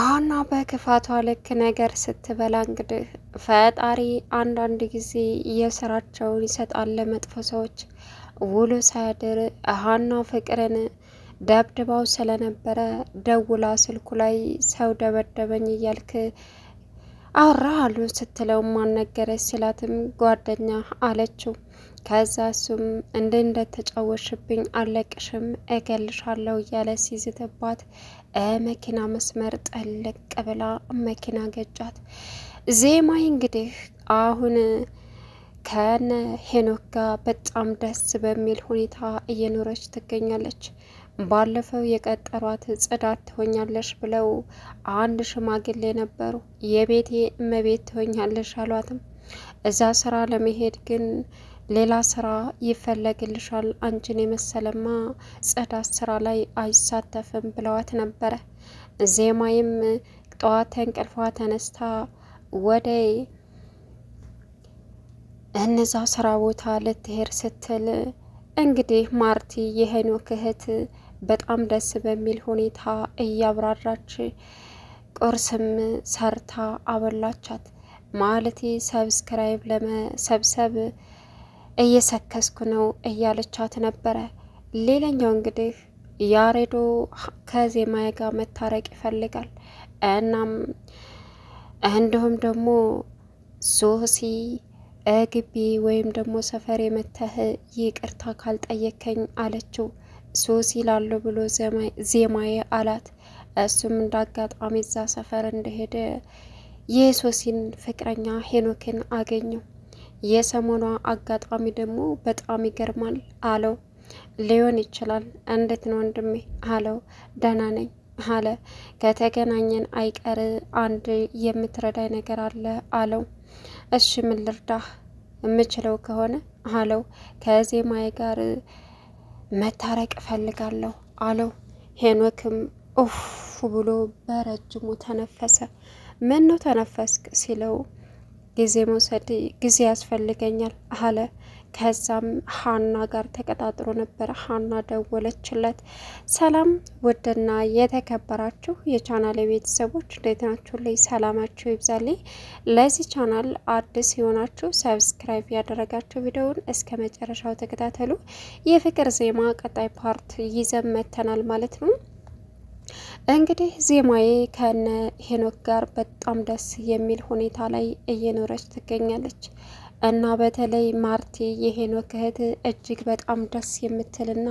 ሀና በክፋቷ ልክ ነገር ስትበላ እንግዲህ ፈጣሪ አንዳንድ ጊዜ የስራቸውን ይሰጣል ለመጥፎ ሰዎች። ውሎ ሳያድር ሀና ፍቅርን ደብድባው ስለነበረ ደውላ ስልኩ ላይ ሰው ደበደበኝ እያልክ አሉ ስትለው ማነገረች ሲላትም ጓደኛ አለችው። ከዛ እሱም እንደ እንደተጫወሽብኝ አለቅሽም እገልሻለሁ እያለ ሲዝትባት መኪና መስመር ጠልቅ ብላ መኪና ገጫት። ዜማይ እንግዲህ አሁን ከነ ሄኖክ ጋር በጣም ደስ በሚል ሁኔታ እየኖረች ትገኛለች። ባለፈው የቀጠሯት ጽዳት ትሆኛለሽ ብለው አንድ ሽማግሌ ነበሩ። የቤቴ እመቤት ትሆኛለሽ አሏትም። እዛ ስራ ለመሄድ ግን ሌላ ስራ ይፈለግልሻል፣ አንቺን የመሰለማ ጽዳት ስራ ላይ አይሳተፍም ብለዋት ነበረ። ዜማይም ጠዋት ተንቀልፏ ተነስታ ወደ እነዛ ስራ ቦታ ልትሄድ ስትል እንግዲህ ማርቲ የሄኖክ እህት በጣም ደስ በሚል ሁኔታ እያብራራች ቁርስም ሰርታ አበላቻት። ማለቴ ሰብስክራይብ ለመሰብሰብ እየሰከስኩ ነው እያለቻት ነበረ። ሌላኛው እንግዲህ ያሬዶ ከዜማ ጋር መታረቅ ይፈልጋል። እናም እንዲሁም ደግሞ ሶሲ ግቢ ወይም ደግሞ ሰፈር የመተህ ይቅርታ ካልጠየከኝ አለችው። ሶሲ ላሉ ብሎ ዜማዬ አላት። እሱም እንዳጋጣሚ እዛ ሰፈር እንደሄደ የሶሲን ፍቅረኛ ሄኖክን አገኘው። የሰሞኗ አጋጣሚ ደግሞ በጣም ይገርማል አለው። ሊሆን ይችላል። እንዴት ነው ወንድሜ አለው። ደህና ነኝ አለ። ከተገናኘን አይቀር አንድ የምትረዳኝ ነገር አለ አለው። እሺ ምን ልርዳህ የምችለው ከሆነ አለው። ከዜማዬ ጋር መታረቅ እፈልጋለሁ አለው። ሄኖክም ኡፍ ብሎ በረጅሙ ተነፈሰ። ምን ነው ተነፈስክ ሲለው ጊዜ መውሰድ ጊዜ ያስፈልገኛል አለ። ከዛም ሀና ጋር ተቀጣጥሮ ነበረ ሀና ደወለችለት። ሰላም ውድና የተከበራችሁ የቻናል የቤተሰቦች እንዴት ናችሁ? ላይ ሰላማችሁ ይብዛልኝ። ለዚህ ቻናል አዲስ የሆናችሁ ሰብስክራይብ ያደረጋችሁ ቪዲዮውን እስከ መጨረሻው ተከታተሉ። የፍቅር ዜማ ቀጣይ ፓርት ይዘን መተናል ማለት ነው። እንግዲህ ዜማዬ ከነ ሄኖክ ጋር በጣም ደስ የሚል ሁኔታ ላይ እየኖረች ትገኛለች። እና በተለይ ማርቲ የሄኖክ እህት እጅግ በጣም ደስ የምትልና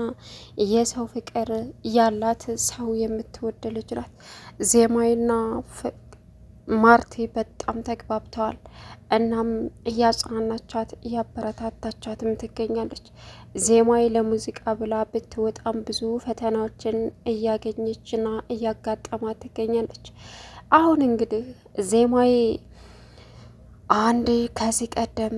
የሰው ፍቅር ያላት ሰው የምትወድ ልጅ ናት። ዜማዊና ማርቲ በጣም ተግባብተዋል። እናም እያጽናናቻት እያበረታታቻትም ትገኛለች። ዜማዊ ለሙዚቃ ብላ ብትወጣም ብዙ ፈተናዎችን እያገኘችና እያጋጠማ ትገኛለች። አሁን እንግዲህ ዜማዊ አንድ ከዚህ ቀደም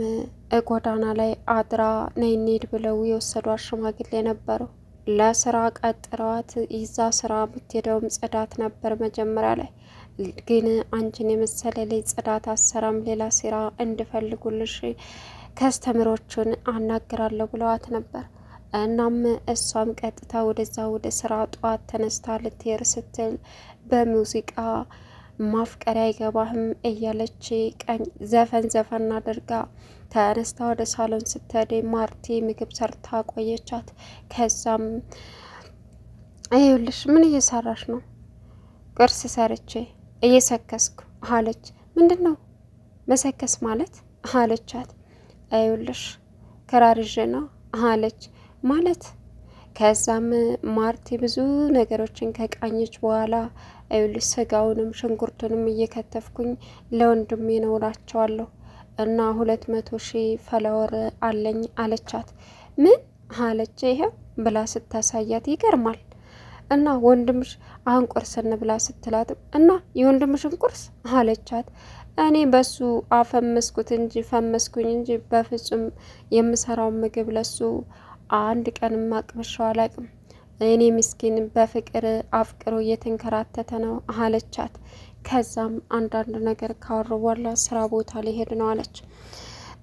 ጎዳና ላይ አድራ ነይ እንሂድ ብለው የወሰዷት ሽማግሌ ነበረው። ለስራ ቀጥረዋት ይዛ ስራ የምትሄደውም ጽዳት ነበር መጀመሪያ ላይ ግን አንቺን የመሰለ ላይ ጽዳት አሰራም ሌላ ስራ እንድፈልጉልሽ ከስተምሮቹን አናግራለሁ ብለዋት ነበር። እናም እሷም ቀጥታ ወደዛ ወደ ስራ ጠዋት ተነስታ ልትሄድ ስትል በሙዚቃ ማፍቀሪያ አይገባህም እያለች ቀኝ ዘፈን ዘፈን አድርጋ ተነስታ ወደ ሳሎን ስትሄድ ማርቲ ምግብ ሰርታ ቆየቻት። ከዛም ይኸውልሽ ምን እየሰራሽ ነው? ቁርስ ሰርቼ እየሰከስኩ አለች። ምንድን ነው መሰከስ ማለት አለቻት። አይውልሽ ከራርዥ ነው አለች ማለት ከዛም ማርቲ ብዙ ነገሮችን ከቃኘች በኋላ ይኸውልሽ ስጋውንም ሽንኩርቱንም እየከተፍኩኝ ለወንድሜ ነው እላቸዋለሁ እና ሁለት መቶ ሺህ ፈለወር አለኝ አለቻት። ምን አለች ይህ ብላ ስታሳያት ይገርማል። እና ወንድምሽ አሁን ቁርስን ብላ ስትላትም እና የወንድምሽን ቁርስ አለቻት። እኔ በሱ አፈመስኩት እንጂ ፈመስኩኝ እንጂ በፍጹም የምሰራውን ምግብ ለሱ አንድ ቀን አቅምሸው አላቅም። እኔ ምስኪን በፍቅር አፍቅሮ እየተንከራተተ ነው አለቻት። ከዛም አንዳንድ ነገር ካወሩ በኋላ ስራ ቦታ ሊሄድ ነው አለች።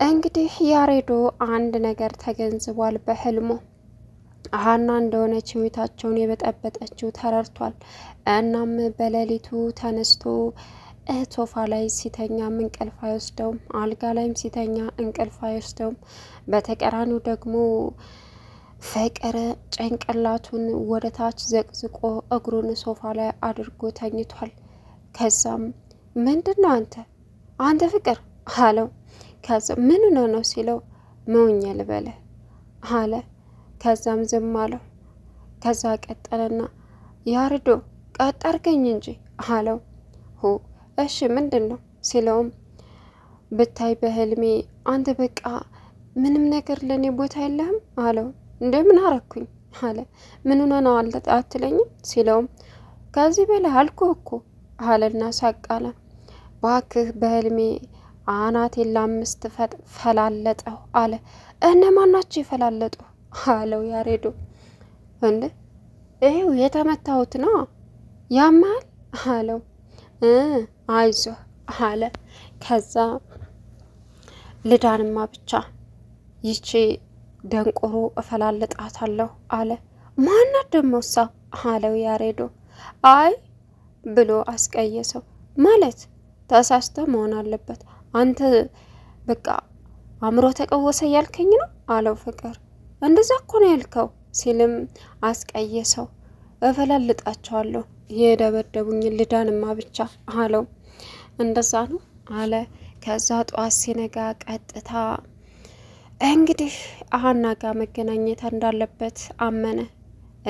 እንግዲህ ያሬዶ አንድ ነገር ተገንዝቧል በህልሞ ሀና እንደሆነች ህይወታቸውን የበጠበጠችው ተረድቷል። እናም በሌሊቱ ተነስቶ ሶፋ ላይ ሲተኛም እንቅልፍ አይወስደውም፣ አልጋ ላይም ሲተኛ እንቅልፍ አይወስደውም። በተቀራኒው ደግሞ ፍቅር ጭንቅላቱን ወደ ታች ዘቅዝቆ እግሩን ሶፋ ላይ አድርጎ ተኝቷል። ከዛም ምንድን ነው አንተ አንተ ፍቅር አለው። ከዛ ምን ነ ነው ሲለው መውኛ ልበለ አለ። ከዛም ዝም አለው። ከዛ ቀጠለና ያርዶ ቀጠርገኝ እንጂ አለው። ሆ እሺ ምንድን ነው ሲለውም ብታይ በህልሜ አንተ በቃ ምንም ነገር ለእኔ ቦታ የለህም አለው። እንደ ምን አረኩኝ አለ። ምን ሆነ ነው አትለኝም ሲለውም ከዚህ በላይ አልኩ እኮ አለና ሳቅ አለ። ባክህ በህልሜ አናቴ ለአምስት ፈላለጠው አለ። እነማን ናቸው የፈላለጡ አለው ያሬዶ። እንደ ይሄው የተመታሁት ነው ያማል አለው። አይዞ አለ። ከዛ ልዳንማ ብቻ ይቺ ደንቆሮ እፈላልጣታለሁ አለ። ማናት ደሞሳ አለው ያሬዶ። አይ ብሎ አስቀየሰው። ማለት ተሳስተ መሆን አለበት አንተ በቃ አእምሮ ተቀወሰ ያልከኝ ነው አለው ፍቅር። እንደዛ እኮ ነው ያልከው ሲልም አስቀየሰው። እፈላልጣቸዋለሁ የደበደቡኝ ልዳንማ ብቻ አለው። እንደዛ ነው አለ። ከዛ ጠዋት ሲነጋ ቀጥታ እንግዲህ አሀና ጋር መገናኘት እንዳለበት አመነ።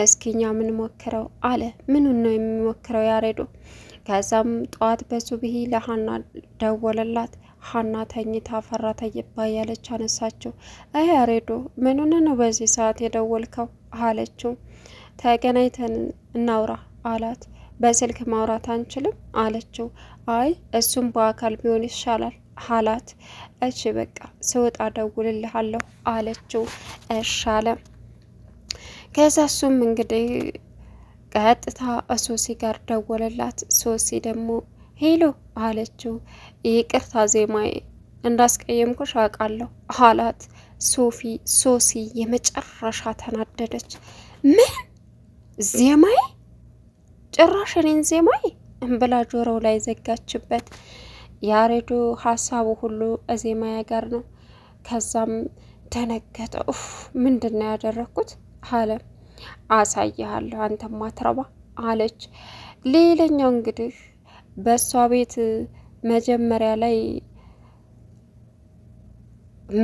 እስኪኛ ምን ሞክረው አለ። ምኑን ነው የሚሞክረው ያሬዶ? ከዛም ጠዋት በሱብሂ ለሀና ደወለላት። ሀና ተኝታ ፈራ ተይባ ያለች አነሳችው። አይ ያሬዶ ምኑን ነው በዚህ ሰዓት የደወልከው አለችው። ተገናኝተን እናውራ አላት። በስልክ ማውራት አንችልም አለችው። አይ እሱም በአካል ቢሆን ይሻላል አላት። እሺ በቃ ስወጣ ደውልልሃለሁ አለችው። እሺ አለ። ከዛ እሱም እንግዲህ ቀጥታ ሶሲ ጋር ደወለላት። ሶሲ ደግሞ ሄሎ አለችው። ይቅርታ ዜማዬ እንዳስቀየምኩሽ አውቃለሁ አላት። ሶፊ ሶሲ የመጨረሻ ተናደደች። ምን ዜማዬ ጭራሽ እኔን ዜማዬ እምብላ ጆሮው ላይ ዘጋችበት። ያሬዱ ሀሳቡ ሁሉ እዜማያ ጋር ነው። ከዛም ደነገጠ። ኡፍ ምንድን ነው ያደረግኩት አለ። አሳይሃለሁ አንተ ማትረባ አለች። ሌላኛው እንግዲህ በእሷ ቤት መጀመሪያ ላይ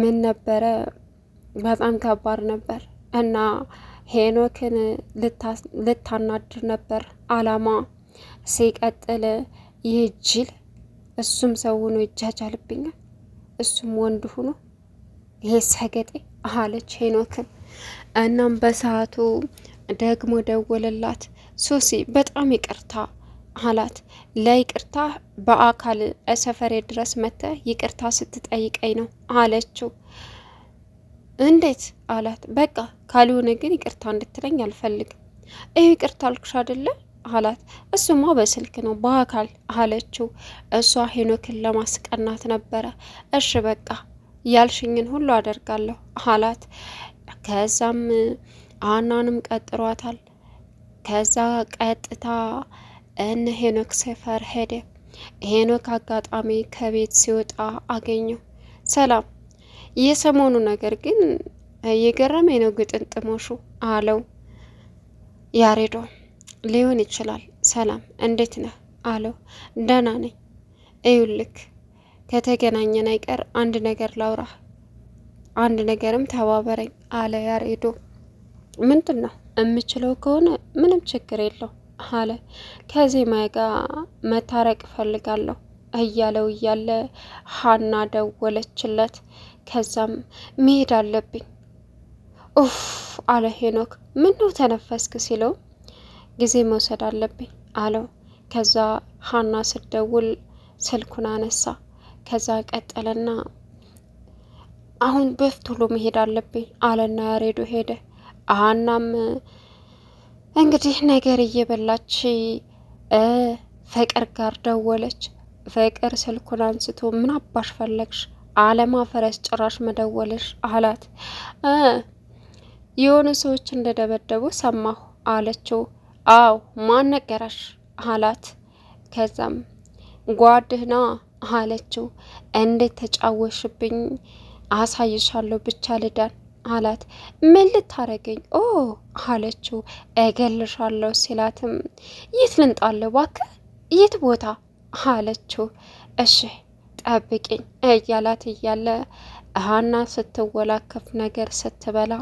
ምን ነበረ? በጣም ከባድ ነበር እና ሄኖክን ልታናድር ነበር አላማ። ሲቀጥል ይህ ጅል እሱም ሰው ሆኖ ይጃጃልብኛል፣ እሱም ወንድ ሆኖ ይሄ ሰገጤ አለች ሄኖክን። እናም በሰዓቱ ደግሞ ደወለላት ሶሲ በጣም ይቅርታ አላት። ለይቅርታ በአካል ሰፈሬ ድረስ መጥተህ ይቅርታ ስትጠይቀኝ ነው አለችው። እንዴት አላት። በቃ ካልሆነ ግን ይቅርታ እንድትለኝ አልፈልግም። ይህ ይቅርታ አልኩሽ አይደለ አላት። እሱማ በስልክ ነው በአካል አለችው። እሷ ሄኖክን ለማስቀናት ነበረ። እሺ በቃ ያልሽኝን ሁሉ አደርጋለሁ አላት። ከዛም አናንም ቀጥሯታል። ከዛ ቀጥታ እነ ሄኖክ ሰፈር ሄደ። ሄኖክ አጋጣሚ ከቤት ሲወጣ አገኘው። ሰላም የሰሞኑ ነገር ግን የገረመኝ ነው ግጥንጥሞሹ አለው። ያሬዶ ሊሆን ይችላል። ሰላም እንዴት ነህ አለው። ደህና ነኝ። እዩልክ ከተገናኘን አይቀር አንድ ነገር ላውራ፣ አንድ ነገርም ተባበረኝ አለ ያሬዶ። ምንድን ነው የምችለው ከሆነ ምንም ችግር የለው አለ። ከዜማዬ ጋር መታረቅ እፈልጋለሁ እያለው እያለ ሀና ደወለችለት። ከዛም መሄድ አለብኝ ኡፍ አለ ሄኖክ። ምን ነው ተነፈስክ ሲለው ጊዜ መውሰድ አለብኝ አለው። ከዛ ሀና ስደውል ስልኩን አነሳ። ከዛ ቀጠለና አሁን በፍ ቶሎ መሄድ አለብኝ አለና ያሬዱ ሄደ። ሀናም እንግዲህ ነገር እየበላች ፍቅር ጋር ደወለች። ፍቅር ስልኩን አንስቶ ምን አባሽ ፈለግሽ አለማፈሪያስ ጭራሽ መደወልሽ አላት። የሆኑ ሰዎች እንደደበደቡ ሰማሁ አለችው። አው ማን ነገራሽ አላት። ከዛም ጓድህና አለችው። እንዴት ተጫወሽብኝ አሳይሻለሁ ብቻ ልዳን አላት። ምን ልታረገኝ? ኦ አለችው። እገልሻለሁ ሲላትም የት ልንጣለው ባክ የት ቦታ አለችው። እሺ ጠብቂኝ እያላት እያለ ሀና ስትወላከፍ ነገር ስትበላ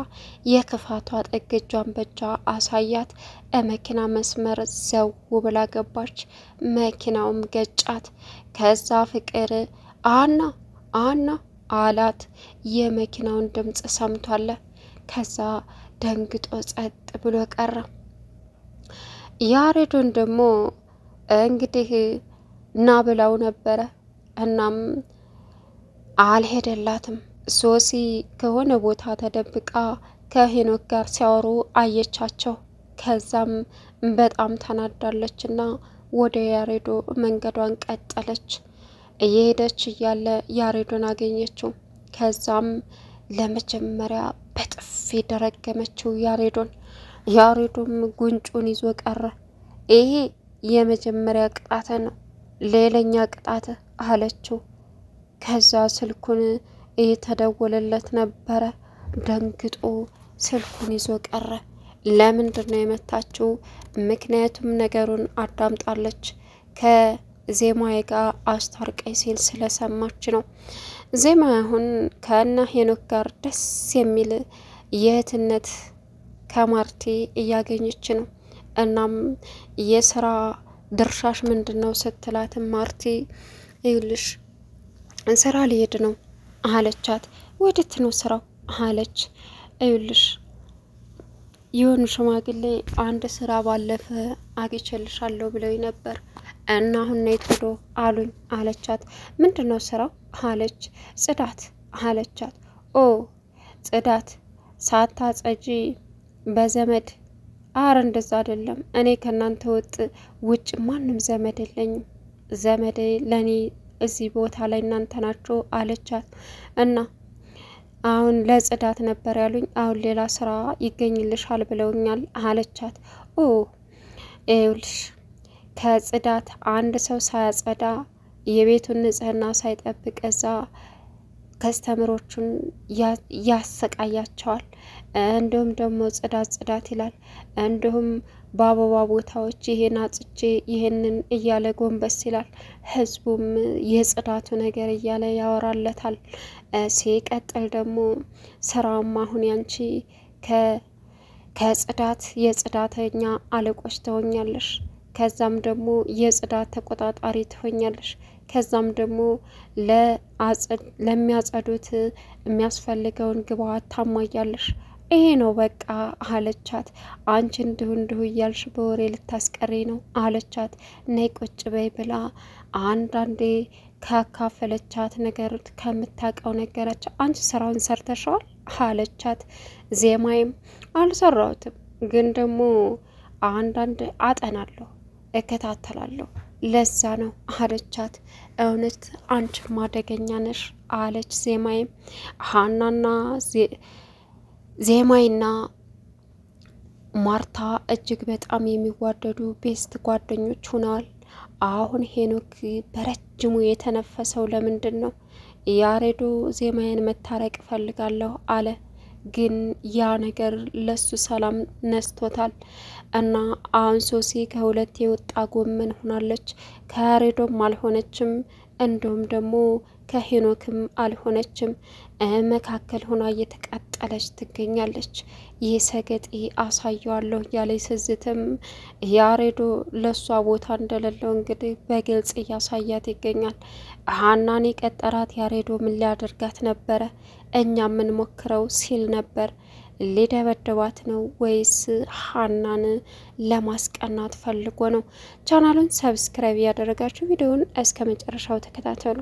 የክፋቷ ጥግ እጇን በእጇ አሳያት። መኪና መስመር ዘው ብላ ገባች። መኪናውም ገጫት። ከዛ ፍቅር አና አና አላት። የመኪናውን ድምፅ ሰምቷለ። ከዛ ደንግጦ ጸጥ ብሎ ቀረ። ያሬዶን ደግሞ እንግዲህ እና ብላው ነበረ እናም አልሄደላትም። ሶሲ ከሆነ ቦታ ተደብቃ ከሄኖክ ጋር ሲያወሩ አየቻቸው። ከዛም በጣም ተናዳለች እና ወደ ያሬዶ መንገዷን ቀጠለች። እየሄደች እያለ ያሬዶን አገኘችው። ከዛም ለመጀመሪያ በጥፊ ደረገመችው ያሬዶን። ያሬዶም ጉንጩን ይዞ ቀረ። ይሄ የመጀመሪያ ቅጣት ነው። ሌላኛ ቅጣተ! አለችው። ከዛ ስልኩን እየተደወለለት ነበረ። ደንግጦ ስልኩን ይዞ ቀረ። ለምንድን ነው የመታችው? ምክንያቱም ነገሩን አዳምጣለች ከዜማዬ ጋር አስታርቀኝ ሲል ስለሰማች ነው። ዜማ አሁን ከእነ ሄኖክ ጋር ደስ የሚል የእህትነት ከማርቲ እያገኘች ነው። እናም የስራ ድርሻሽ ምንድን ነው ስትላትም ማርቲ ይኸውልሽ ስራ ሊሄድ ነው አለቻት። ወዴት ነው ስራው አለች። ይኸውልሽ የሆኑ ሽማግሌ አንድ ስራ ባለፈ አግኝቼልሻለሁ ብለው ነበር እና አሁን ነይ ቶሎ አሉኝ አለቻት። ምንድን ነው ስራው አለች። ጽዳት አለቻት። ኦ ጽዳት ሳታጸጂ በዘመድ አረ እንደዛ አይደለም እኔ ከእናንተ ወጥ ውጭ ማንም ዘመድ የለኝም ዘመዴ ለእኔ እዚህ ቦታ ላይ እናንተ ናችሁ አለቻት እና አሁን ለጽዳት ነበር ያሉኝ፣ አሁን ሌላ ስራ ይገኝልሻል ብለውኛል አለቻት። ኦ ይኸውልሽ ከጽዳት አንድ ሰው ሳያጸዳ የቤቱን ንጽህና ሳይጠብቅ እዛ ከስተምሮቹን ያሰቃያቸዋል። እንዲሁም ደግሞ ጽዳት ጽዳት ይላል። እንዲሁም በአበባ ቦታዎች ይሄን አጽቼ ይሄንን እያለ ጎንበስ ይላል። ህዝቡም የጽዳቱ ነገር እያለ ያወራለታል። ሲቀጥል ደግሞ ስራውም አሁን ያንቺ ከጽዳት የጽዳተኛ አለቆች ትሆኛለሽ፣ ከዛም ደግሞ የጽዳት ተቆጣጣሪ ትሆኛለሽ ከዛም ደግሞ ለሚያጸዱት የሚያስፈልገውን ግብአት ታሟያለሽ። ይሄ ነው በቃ አለቻት። አንቺ እንዲሁ እንዲሁ እያልሽ በወሬ ልታስቀሪ ነው አለቻት። ነይ ቁጭ በይ ብላ አንዳንዴ ካካፈለቻት ነገር ከምታውቀው ነገራቸው። አንቺ ስራውን ሰርተሸዋል አለቻት። ዜማይም አልሰራሁትም፣ ግን ደግሞ አንዳንድ አጠናለሁ፣ እከታተላለሁ ለዛ ነው አለቻት። እውነት አንቺም ማደገኛ ነሽ አለች ዜማይም ሀናና ዜማይና ማርታ እጅግ በጣም የሚዋደዱ ቤስት ጓደኞች ሆነዋል። አሁን ሄኖክ በረጅሙ የተነፈሰው ለምንድን ነው? ያሬዶ ዜማዬን መታረቅ እፈልጋለሁ አለ። ግን ያ ነገር ለሱ ሰላም ነስቶታል እና አሁን ሶሲ ከሁለት የወጣ ጎመን ሆናለች። ከያሬዶም አልሆነችም። እንዲሁም ደግሞ ከሄኖክም አልሆነችም መካከል ሆና እየተቃጠለች ትገኛለች። ይህ ሰገጤ አሳየዋለሁ እያለ ስዝትም ያሬዶ ለእሷ ቦታ እንደሌለው እንግዲህ በግልጽ እያሳያት ይገኛል። ሀናን የቀጠራት ያሬዶ ምን ሊያደርጋት ነበረ እኛ የምንሞክረው ሲል ነበር። ሊደበደባት ነው ወይስ ሀናን ለማስቀናት ፈልጎ ነው? ቻናሉን ሰብስክራይብ እያደረጋችሁ ቪዲዮውን እስከ መጨረሻው ተከታተሉ።